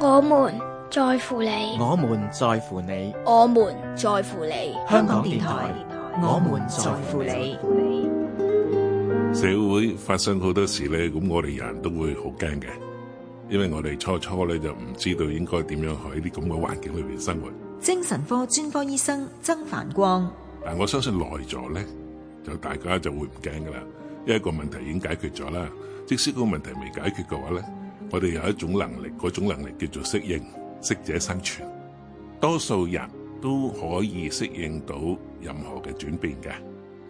我們，我們在乎你，我們在乎你，我們在乎你。香港電台，電台我們在乎你。社會發生好多事咧，咁我哋人都會好驚嘅，因為我哋初初咧就唔知道應該點樣喺啲咁嘅環境裏邊生活。精神科專科醫生曾繁光，但我相信耐咗咧，就大家就會唔驚噶啦。因為一個問題已經解決咗啦，即使個問題未解決嘅話咧。我哋有一種能力，嗰種能力叫做適應，適者生存。多數人都可以適應到任何嘅轉變嘅。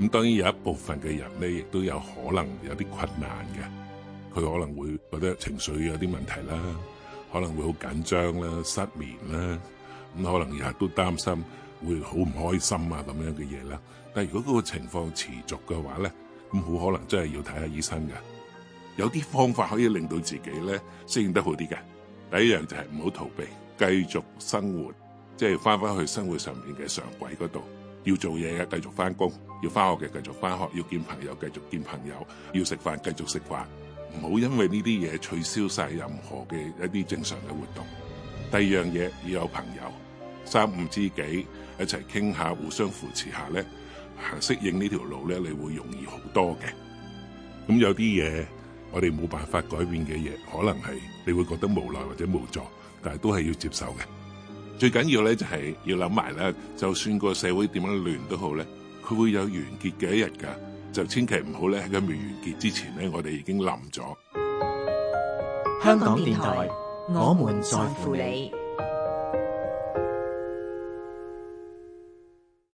咁當然有一部分嘅人咧，亦都有可能有啲困難嘅。佢可能會覺得情緒有啲問題啦，可能會好緊張啦、失眠啦，咁可能日日都擔心，會好唔開心啊咁樣嘅嘢啦。但係如果嗰個情況持續嘅話咧，咁好可能真係要睇下醫生嘅。有啲方法可以令到自己咧適應得好啲嘅。第一樣就係唔好逃避，繼續生活，即係翻返去生活上面嘅常軌嗰度。要做嘢嘅繼續翻工，要翻學嘅繼續翻學，要見朋友繼續見朋友，要食飯繼續食飯，唔好因為呢啲嘢取消晒任何嘅一啲正常嘅活動。第二樣嘢要有朋友，三五知己一齊傾下，互相扶持下咧，行適應呢條路咧，你會容易好多嘅。咁有啲嘢。我哋冇辦法改變嘅嘢，可能係你會覺得無奈或者無助，但係都係要接受嘅。最緊要咧就係要諗埋咧，就算個社會點樣亂都好咧，佢會有完結嘅一日噶，就千祈唔好咧喺佢未完結之前咧，我哋已經冧咗。香港電台，我們在乎你。